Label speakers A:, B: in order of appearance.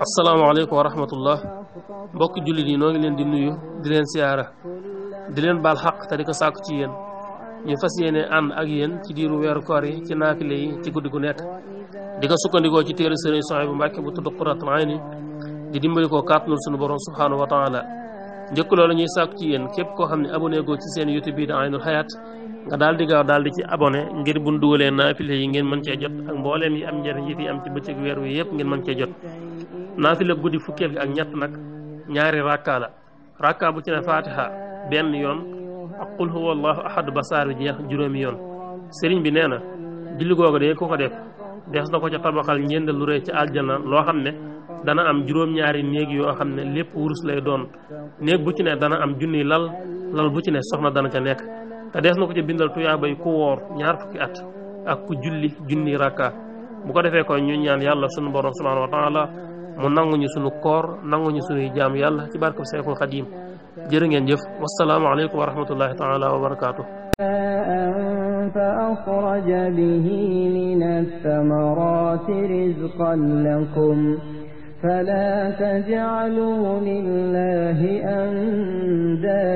A: asalaamaaleykum wa rahmatullah mbokk jullit yi noo ngi leen di nuyu di leen siyaara di leen baal xaq te di ko sàkku ci yéen ñu fas yéene ànd ak yéen ci diiru weeru koor ci naafile yi ci guddi gu nekk di ci téere sëriñ Sohaybu bu bu tudd Qurratul Ayni di dimbali ko kàttanul sunu borom subhaanahu wa taala njëkk loolu ñuy sàkku ci yéen képp koo xam ne abonné goo ci seen youtube bi da Aynul Hayat nga daal di gaaw daal di ci abonné ngir bu ñu dugalee naafile yi ngeen mën cee jot ak mbooleem yi am njëriñ yi fi am ci bëccëg weer wi yëpp ngeen mën cee jot naafile guddi fukkeel gi ak ñett nag ñaari rakka la rakka bu ci ne fatiha benn yoon ak qul huwa allahu ahad ba saar bi jeex juróomi yoon sëriñ bi nee na julli googu de ko ko def des na ko ca tabaxal njënd lu rëy dana am juróom-ñaari néeg yoo xam ne lépp wurus lay doon néeg bu ci ne dana am junniy lal lal bu ci ne soxna dana ca nekk te dees na ko ci bindal tuyaabay ku woor ñaar fukki at ak ku julli junniy rakka bu ko defee ko ñu ñaan yàlla sunu borom subhanahu wa taala mu nanguñu sunu koor nanguñu sunuy jaam yàlla ci barkab Seexul Xadiim jërë ngeen jëf wassalaamu aleykum wa rahmatullahi taala wa barakaatu
B: فأخرج به a الثمرات رزقا لكم
C: فلا تجعلوا لله أندادا